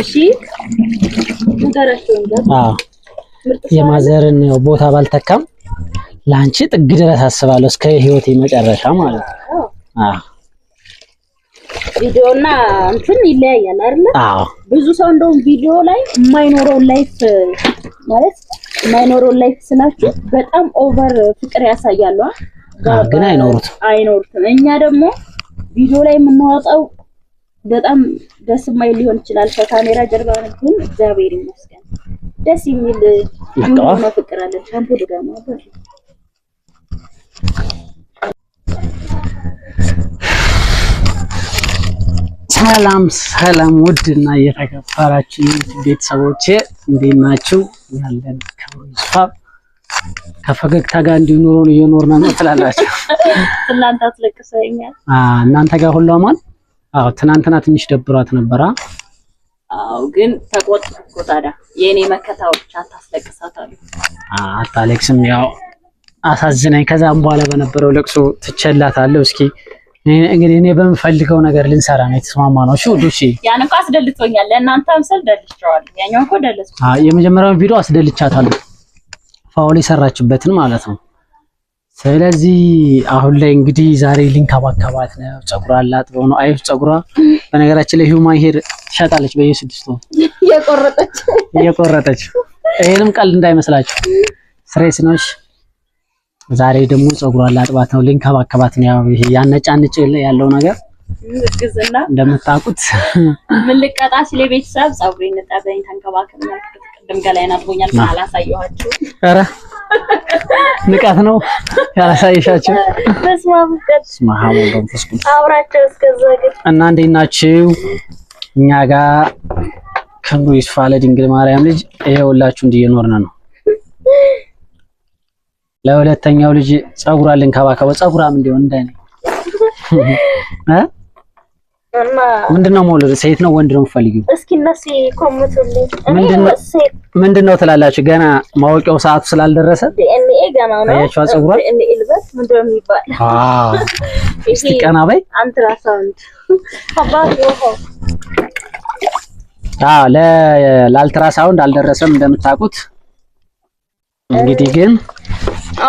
እሺ የማዘርን ቦታ ባልተካም ለአንቺ ጥግ ድረስ አስባለሁ እስከ ህይወቴ መጨረሻ ማለት ነው። አዎ ቪዲዮና እንትን ይለያያል አይደል? አዎ ብዙ ሰው እንደውም ቪዲዮ ላይ የማይኖረውን ላይፍ ማለት የማይኖረውን ላይፍ ስላችሁ በጣም ኦቨር ፍቅር ያሳያሉ። ግን አይኖሩትም አይኖሩትም። እኛ ደግሞ ቪዲዮ ላይ የምናወጣው በጣም ደስ የማይል ሊሆን ይችላል ከካሜራ ጀርባ ግን እግዚአብሔር ይመስገን ደስ የሚል ሙሉ ፍቅር አለ። ሻምፖ ድጋማ ሰላም ሰላም፣ ውድ እና የተከበራችሁ ቤተሰቦቼ እንዴት ናችሁ? ያለን ክብሩ ይስፋ። ከፈገግታ ጋር እንዲኖሩን እየኖርን ነው ትላላችሁ። እናንተ አትለቅሰኛል። እናንተ ጋር ሁሉ አማን አዎ ትናንትና ትንሽ ደብሯት ነበራ። አዎ ግን ተቆጥኩ። ታዲያ የኔ መከታዎች አታስለቅሳታሉ። አታለቅስም። ያው አሳዝናኝ። ከዛም በኋላ በነበረው ለቅሶ ትቸላታለሁ። እስኪ እንግዲህ እኔ በምፈልገው ነገር ልንሰራ ነው የተስማማ ነው። እሺ ውዶቼ፣ ያን እኮ አስደልቶኛል። ለእናንተ አምሰል ደልቼዋለሁ። ያኛው እኮ ደልቼዋለሁ። አዎ የመጀመሪያውን ቪዲዮ አስደልቻታለሁ። ፋውል የሰራችበትን ማለት ነው። ስለዚህ አሁን ላይ እንግዲህ ዛሬ ሊንክ አባካባት ነው። ፀጉሯ ላጥበው ነው። አይ ፀጉሯ በነገራችን ላይ ሂውማን ሄር ትሸጣለች በየስድስቱ እየቆረጠች እየቆረጠች። ይሄንም ቀልድ እንዳይመስላችሁ ስሬስ ነሽ። ዛሬ ደግሞ ፀጉሯ ላጥባት ነው፣ ሊንክ አባካባት ነው። ያው ይሄ ያነጫንጭ ያለው ነገር ግዝና እንደምታውቁት ምን ልቀጣ ሲል ቤተሰብ ፀጉሬን ነጣ በእንተንከባከብ ነው። ቅድም ገላዬን አድርጎኛል አላሳየኋችሁ። ኧረ ንቀት ነው ያላሳየሻቸው። በስመ አብ ቅዱስ አብራቸው እስከዛ ግን እና እንዴት ናችሁ? እኛ ጋር ክብሩ ይስፋ ለድንግል ማርያም ልጅ ይሄውላችሁ እንዲየኖርን ነው። ለሁለተኛው ልጅ ጸጉሯን ልንከባከበው ጸጉራም እንዲሆን እንዳይ ነው ምንድነው መውለድ? ሴት ነው ወንድ ነው የምትፈልጊው? እስኪ እነሱ ይኮምቱልኝ። ምንድነው ትላላችሁ? ገና ማወቂያው ሰዓቱ ስላልደረሰ ዲኤንኤ ገና ነው። አያችኋት ፀጉሯን እስኪ ቀና በይ። ለአልትራ ሳውንድ አልደረሰም እንደምታውቁት። እንግዲህ ግን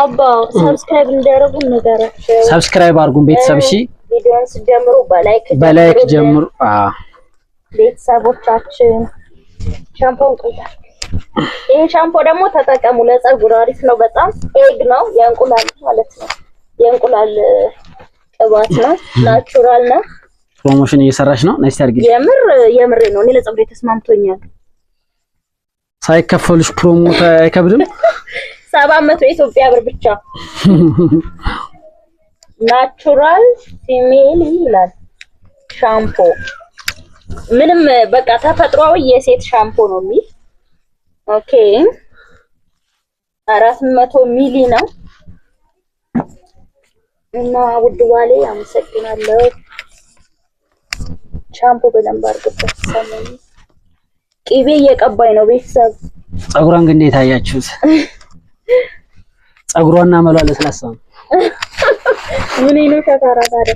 አባ ሰብስክራይብ እንዳደረጉ ነገራቸው። ሰብስክራይብ አድርጉን ቤተሰብ እሺ። ቪዲዮን ስትጀምሩ በላይክ በላይክ ጀምሩ። አዎ ቤተሰቦቻችን ሻምፖን ቁጣ ይሄ ሻምፖ ደግሞ ተጠቀሙ። ለፀጉር አሪፍ ነው። በጣም ኤግ ነው የእንቁላል ማለት ነው። የእንቁላል ቅባት ነው። ናቹራል ነው። ፕሮሞሽን እየሰራች ነው። ናይስ ታርጌት። የምር የምር ነው። እኔ ለፀጉሬ ተስማምቶኛል። ሳይከፈልሽ ፕሮሞት አይከብድም። 700 ኢትዮጵያ ብር ብቻ ናቹራል ፊሜል ይላል ሻምፖ። ምንም በቃ ተፈጥሯዊ የሴት ሻምፖ ነው የሚል ኦኬ። አራት መቶ ሚሊ ነው እና ውድ ባሌ አመሰግናለሁ። ሻምፖ በደንብ አድርግበት። ሰሞኑን ቅቤ እየቀባኝ ነው ቤተሰብ። ፀጉሯን ግን እንዴት አያችሁት? ፀጉሯና መሏ ለስላሳ ነው። ምን ነው ሸካራ ታዲያ?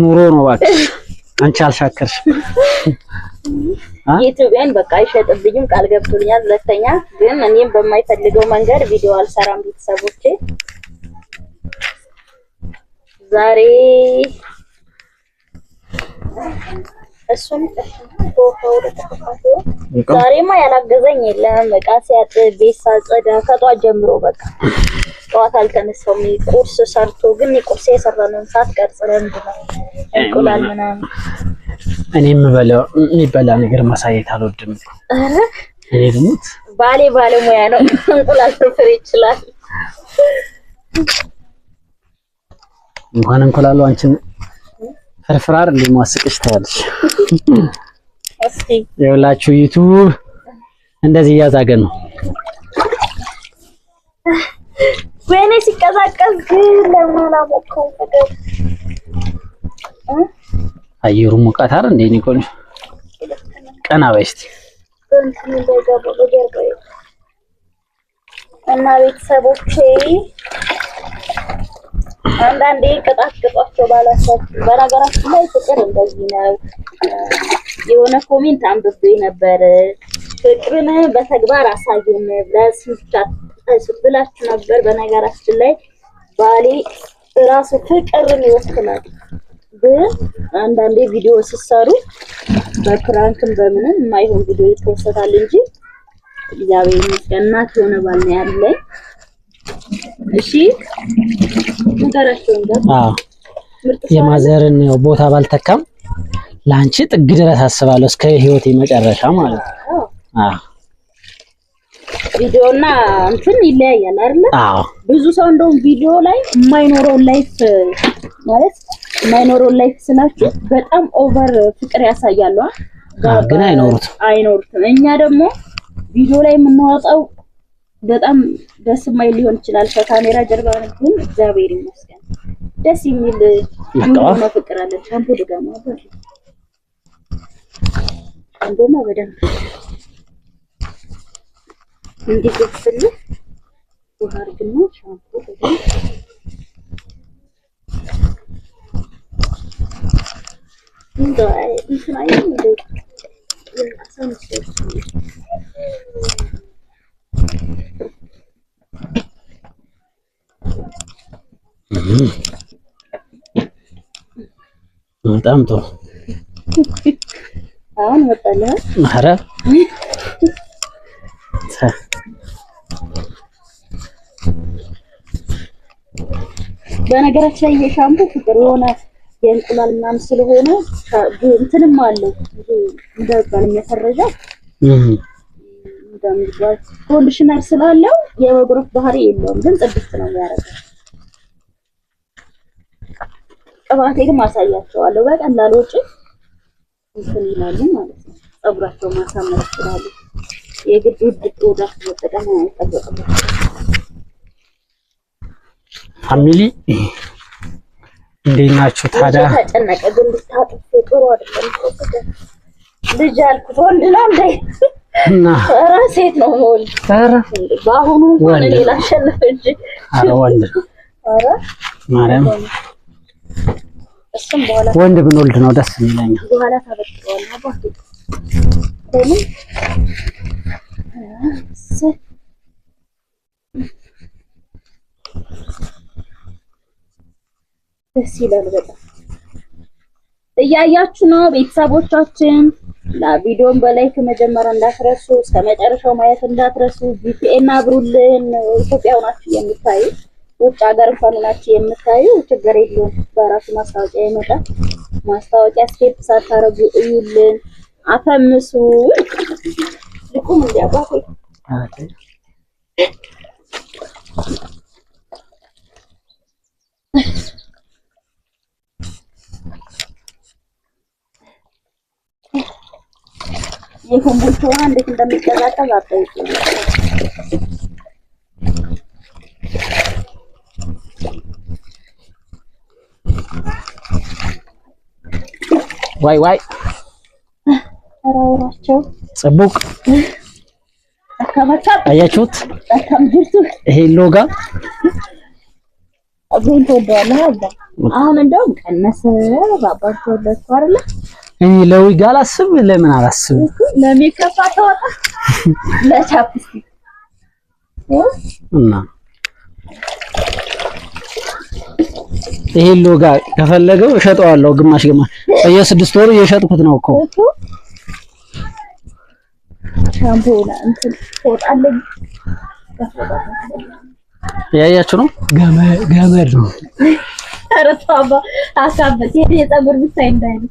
ኑሮ ነው እባክሽ። አንቺ አልሻከርሽም። የኢትዮጵያን በቃ አይሸጥብኝም ቃል ገብቶልኛል። ሁለተኛ ግን እኔም በማይፈልገው መንገድ ቪዲዮ አልሰራም። ቤተሰቦቼ ዛሬ እሱን ዛሬማ ያላገዘኝ የለም። በቃ ሲያጥ ቤት ሳጸዳ ከጧት ጀምሮ በቃ ጠዋት አልተነሳውም። ቁርስ ሰርቶ ግን ቁርስ የሰራነውን ሰዓት ቀርጽ ለምንድን ነው እንቁላል ምናምን እኔ የምበላው የሚበላ ነገር ማሳየት አልወድም። እኔ ልሙት ባሌ ባለሙያ ነው፣ እንቁላል ፍርፍር ይችላል። እንኳን እንቁላሉ አንቺን ፍርፍራር ሊማስቅሽ ታያለሽ። እስቲ የሁላችሁ ዩቱብ እንደዚህ እያዛገ ነው። ወይኔ ሲቀዛቀዝ ግን ለምን አላበቃው? አየሩ ሙቀት አይደል እንዴ? ቆንጆ ቀና በይ እና ቤተሰቦቼ አንዳንዴ ቅጣት ቅጧቸው ባላሳችሁ። በነገራችን ላይ ፍቅር እንደዚህ ነው። የሆነ ኮሜንት አንብቤ ነበር። ፍቅርን በተግባር አሳየን ብለህ ብላችሁ ነበር። በነገራችን ላይ ባሌ ራሱ ፍቅርን ይወስናል። ግን አንዳንዴ ቪዲዮ ሲሰሩ በፕራንክም በምንም የማይሆን ቪዲዮ ይፖስታል እንጂ እግዚአብሔር ይመስገን እናት የሆነ ባል ነው ያለኝ። እሺ ነገራቸውን ጋር የማዘርን ቦታ ባልተካም ለአንቺ ጥግ ድረስ አስባለሁ እስከ ህይወቴ መጨረሻ ማለት ነው። ቪዲዮ ቪዲዮና እንትን ይለያያል አይደለ? አዎ። ብዙ ሰው እንደውም ቪዲዮ ላይ የማይኖረውን ላይፍ ማለት የማይኖረውን ላይፍ ስናችሁ በጣም ኦቨር ፍቅር ያሳያሉ። ግን አይኖሩትም አይኖሩትም። እኛ ደግሞ ቪዲዮ ላይ የምናወጣው በጣም ደስ የማይል ሊሆን ይችላል ከካሜራ ጀርባ ግን እግዚአብሔር ይመስገን ደስ የሚል ነው። ፍቅር አለን። ሻምፖ ድጋማ አለ ሻምፖማ በደንብ እንዲገፍልህ ውሃ አድርግና ሻምፑ በጣም ጥሩ። አሁን ወጣለህ። በነገራችን ላይ የሻምፑ ፍቅር የሆነ የእንቁላል ምናምን ስለሆነ እንትንም አለው እንደባል የሚያፈረጃ እንደሚባል ኮንዲሽነር ስላለው የመጉረፍ ባህሪ የለውም፣ ግን ጽድስት ነው የሚያደርገው። ቅባቴ ግን ማሳያቸዋለሁ በቀላል ወጪ እንትን ይላሉ ማለት ነው። ጸጉራቸው ማሳመር ይችላሉ። የግድ ውድ ፕሮዳክት መጠቀም አይጠበቅም። ፋሚሊ እንዴት ናችሁ? ታዲያ ተጨነቀ ግን ብታጥፍ ጥሩ አይደለም። ልጅ አልኩት ወንድ ነው እንዴ? እና ኧረ ሴት ነው ወል ኧረ በአሁኑ እንጂ ኧረ ወንድ ኧረ ማርያም እሱም በኋላ ወንድ ብንወልድ ነው ደስ የሚለኝ። በኋላ አባቱ ደስ ይላል በጣም እያያችሁ ነው ቤተሰቦቻችን። ቪዲዮን በላይክ መጀመር እንዳትረሱ፣ እስከ መጨረሻው ማየት እንዳትረሱ። ቪፒኤን አብሩልን። ኢትዮጵያ ሆናችሁ የምታዩ ውጭ ሀገር እንኳን ሆናችሁ የምታዩ ችግር የለውም። በራሱ ማስታወቂያ ይመጣል። ማስታወቂያ ስቴፕ ሳታረጉ እዩልን፣ አፈምሱ። ልቁም እንዲያጓቆ የኮምቦቹ ውሃ እንዴት እንደሚቀዛቀዝ አጠይቁኝ። ዋይ ዋይ ጽቡቅ አያችሁት? ይሄ ሎጋ አሁን እንደውም ቀነሰ ባባቸው ለቷ አይደለ እኔ ለዊግ አላስብ። ለምን አላስብ? ለሚከፋ አታወጣ ለቻፕስቲክ እና ይሄን ሎጋ ከፈለገው እሸጠዋለሁ። ግማሽ ግማሽ በየስድስት ወሩ እየሸጥኩት ነው እኮ ሻምፖና እንትን ያያችሁ ነው። ገመድ ነው። ኧረ ተው አባ አሳበስ የኔ የፀጉር ብታይ እንዳይል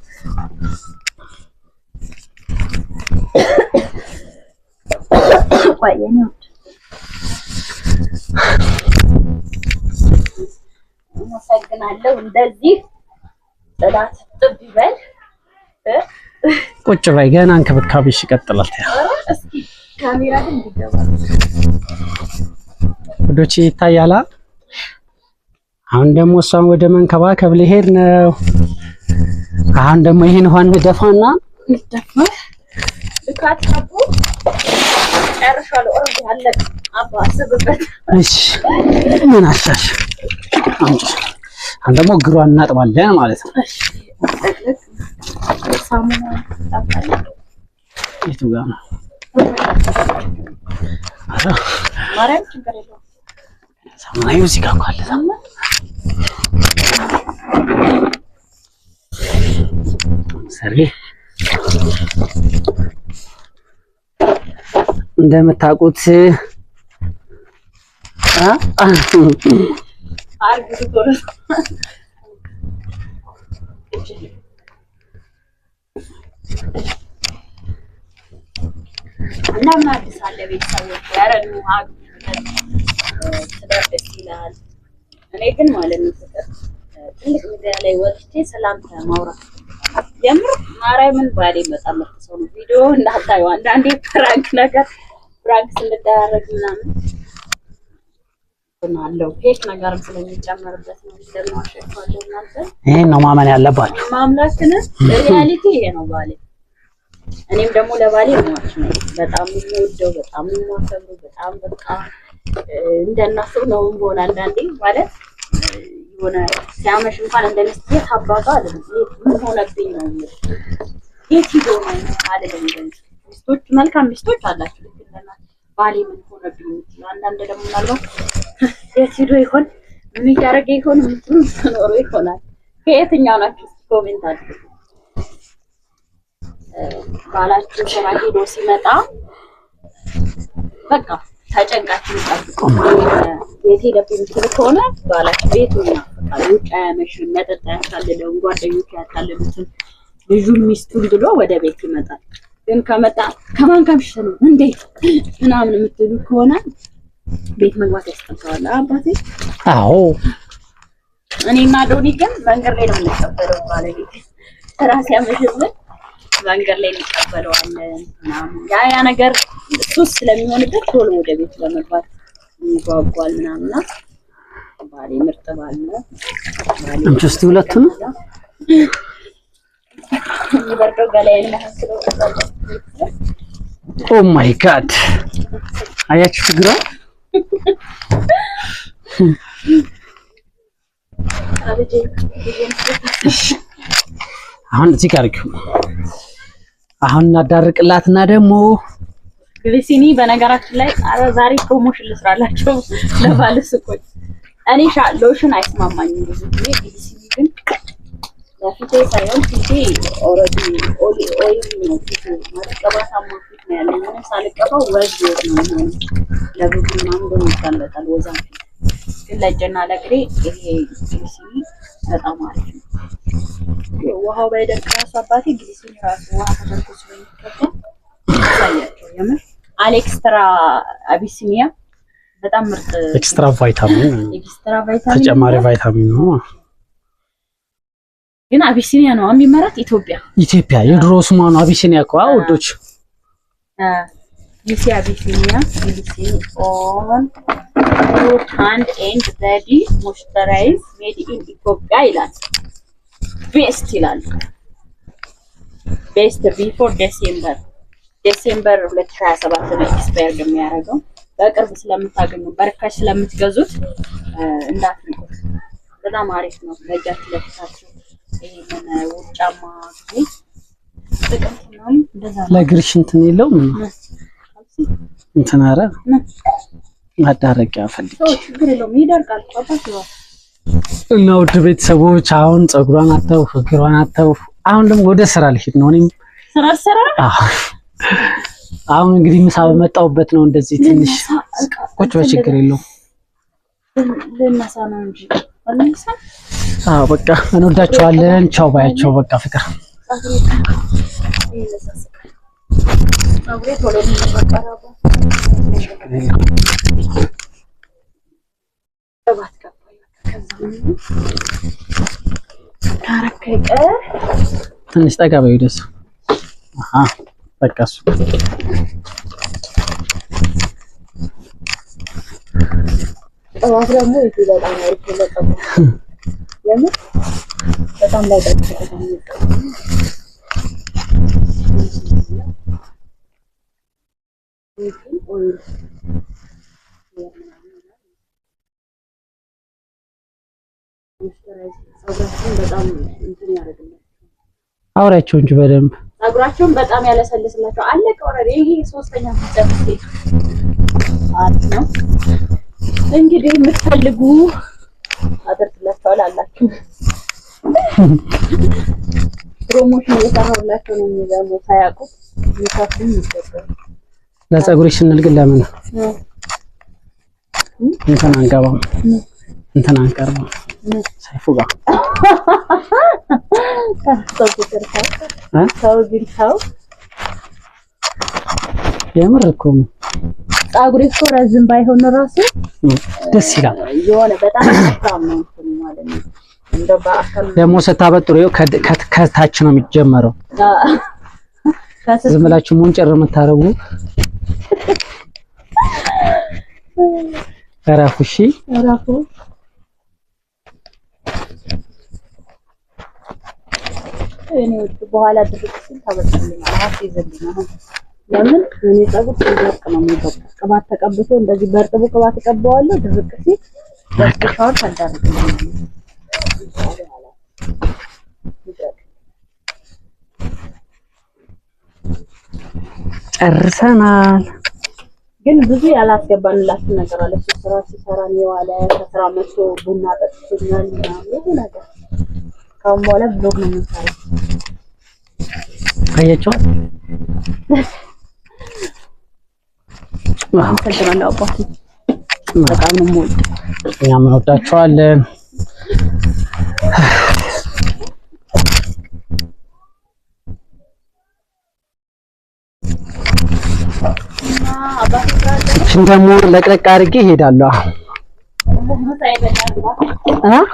አመሰግናለሁ። እንደዚህ ጥላት ጥብ ይበል። ቁጭ በይ ገና እንክብካቤሽ ይቀጥላል። እስኪ ካሜራ ግን ይገባል ውዶች ይታያላ። አሁን ደግሞ እሷን ወደ መንከባከብ ልሄድ ነው። አሁን ደግሞ ይሄን ውሃን እንደፋና ምን አሻሽ አሁን ደግሞ እግሯን እናጥባለን ማለት ነው። የቱ ጋር ነው? ሰማዩ እዚህ ጋር ኳለ ሰሪ እንደምታውቁት እና ምን አዲስ አለ ቤተሰቦች? ኧረ ኑ ትዳር ደስ ይላል። እኔ ግን ማለት ነው ትልቅ ሚዲያ ላይ ወጥቼ ሰላምታ ማውራት ጀምር ማርያምን ባሌ በጣም ሰው ነው። ቪዲዮ እንዳታዩ አንዳንዴ ፍራንክ ነገር ፍራንክ ስንደራረግ ምናምን አለው ፌክ ነገርም ስለሚጨመርበት ነው። እንደማሸፋለሁ እናንተ ይሄን ነው ማመን ያለባችሁ። ማምላክንን ሪያሊቲ ይሄ ነው ባሌ። እኔም ደግሞ ለባሌ ነው በጣም የምወደው በጣም የማከብረው በጣም በቃ እንደናስብ ነው ሆነ አንዳንዴ ማለት የሆነ ሲያመሽ እንኳን እንደ ሚስት የት አባቷ አለ ምን ሆነብኝ ነው የት ሂዶ ነው አለ ሚስቶች መልካም ሚስቶች አላቸው ልክ እንደና ባሌ ምን ሆነብኝ ነው አንዳንድ ደግሞ ምናለው የት ሂዶ ይሆን ምን እያደረገ ይሆን ምትሉ ኖሮ ይሆናል ከየትኛው ናቸው ኮሜንት አለ ባላችሁ ስራ ሄዶ ሲመጣ በቃ ተጨንቃችሁ ጠብቁ። ቤቴ ለፖዚቲቭ ከሆነ ባላችሁ ቤቱ ውጭ አያመሽም፣ መጠጥ አያታልለውም፣ ጓደኞቹ ያታልሉትን ልጁን ሚስቱን ብሎ ወደ ቤት ይመጣል። ግን ከመጣ ከማን ከምሽ ነው እንዴ ምናምን የምትሉ ከሆነ ቤት መግባት ያስጠንቀዋል። አባቴ አዎ፣ እኔና ዶኒ ግን መንገድ ላይ ነው የምንቀበለው። ባለቤት ራሴ ያመሽብን መንገድ ላይ እንቀበለዋለን ምናምን ያ ያ ነገር እሱ ስለሚሆንበት ቶሎ ወደ ቤት ለመግባት ይጓጓል ምናምንና ባሌ ምርጥ ባል ነው። እጅ ውስጥ ሁለቱ ነው ይበርዶ ገላዬን ማህሰብ ኦ ማይ ጋድ አያችሁ ችግሯ አብጄ አሁን እዚህ ጋር አሁን እናዳርቅላትና ደግሞ ግሊሲኒ በነገራችን ላይ አረ ዛሬ ፕሮሞሽን ልስራላቸው ለባለ ሱቆች። እኔ ሻ ሎሽን አይስማማኝም ብዙ ጊዜ ግሊሲኒ ግን ለፊቴ ሳይሆን ፊቴ ኦልሬዲ ኦሊ ኦይል ነው ፊቴ ማለት ቀባታማ ፊት ነው ያለኝ። ምንም ሳልቀባው ወዝ ወዝ ነው ማለት ለብዙ ምናምን በሚታለታል ወዛም ፊት ግን ለእጅና ለእግሬ ይሄ ግሊሲኒ በጣም አሪፍ ነው። ውሃው ባይደርቅ ራሱ አባቴ ጊዜ ራሱ ውሃ ተደርጎ ስለሚቀባ ያሳያቸው። የምር አሌክስትራ አቢሲኒያ በጣም ምርጥ ኤክስትራ ቫይታሚን ኤክስትራ ቫይታሚን ተጨማሪ ቫይታሚን ነው። ግን አቢሲኒያ ነው የሚመረጥ ኢትዮጵያ ኢትዮጵያ የድሮ ስሟ ነው አቢሲኒያ እኮ ውዶች። ዩሲ አቢሲኒያ ቢሊሲ ኦን ሩት ሃንድ ኤንድ ቦዲ ሞይስቸራይዝ ሜድ ኢን ኢትዮጵያ ይላል። ቤስት ይላል። ቤስት ቢፎር ዴሴምበር ዴሴምበር 2027 ነው ኤክስፓየር የሚያደርገው። በቅርብ ስለምታገኙ በርካሽ ስለምትገዙት እንዳትንቁት። በጣም አሪፍ ነው። ለጃት ለፍታችሁ ይሄንን ውድ ጫማ ጊዜ ጥቅምት ነው እንደዛ ለእግርሽ እንትን የለውም እንትን ኧረ ማዳረቂያ ፈልጌ ችግር የለውም ይደርቃል። እና ውድ ቤተሰቦች አሁን ፀጉሯን አተው ፍክሯን አተው አሁን ደግሞ ወደ ስራ ልሂድ ነው። እኔም ስራ ስራ አሁን እንግዲህ ምሳ በመጣሁበት ነው። እንደዚህ ትንሽ ቁጭ በል ችግር የለውም። አዎ በቃ እንወዳቸዋለን። ቻው ባያቸው በቃ ፍቅር ችግር የለውም። ትንሽ ጠጋ በይ ወደሱ። አሃ በቃ ጠዋት ደግሞ ይሄ በጣም አሪፍ ነው። ለምን በጣም ላይ ጠቅም አውሪያቸው እንጂ በደንብ ጸጉራቸውን በጣም ያለሰልስላቸው። አለቀ ወረደ። ይሄ ሶስተኛ ነው እንግዲህ የምትፈልጉ አደርግላቸዋል አላችሁ። ፕሮሞሽን እየሰራሁላቸው ነው የሚለው ሳያውቁ ይሳፍም ይሰጣል። ለጸጉርሽ ስንል ግን ለምን እንትን አንቀባም እንትን አንቀርባም ሰይፉ ጋር የምር እኮ ነው። ፀጉሬ እኮ ረዝም ባይሆን ራሱ ደስ ይላል። የሆነ በጣም ደግሞ ስታበጥሩ ከታች ነው የሚጀመረው። ዝም ብላችሁ ሙንጭር የምታደርጉ እረፉ። እሺ እረፉ። የኔ ወድ በኋላ ድርቅ ሲል ታበጥልኛል። ይዘልኝ አሁን ለምን የኔ ጸጉር ሲደርቅ ነው የሚበቅ። ቅባት ተቀብቶ እንደዚህ በእርጥቡ ቅባት እቀባዋለሁ። ድርቅ ሲል በስካውን ታዳርግልኝ ጨርሰናል። ግን ብዙ ያላስገባንላችሁ ነገር አለ። ስራ ሲሰራ የዋለ ከስራ መቶ ቡና ጠጥቶኛል ምናምን ነገር ካሁን በኋላ ብሎግ ነው የምንሰራው። አያችኋት። አመሰግናለሁ እንወዳቸዋለን በጣም ነው የምወድ። ለቅለቅ አድርጌ እሄዳለሁ። አሁን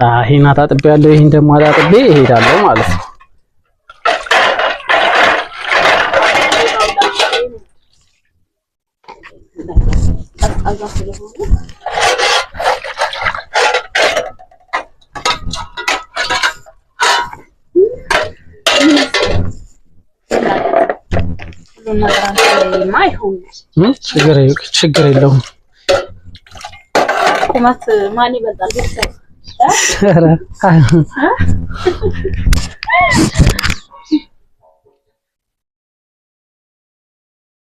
ይሄን አጣጥቤ ያለው ይሄን ደግሞ አጣጥቤ እሄዳለሁ ማለት ነው። ችግር የለውም። ቁመት ማን ይበልጣል? Sarah.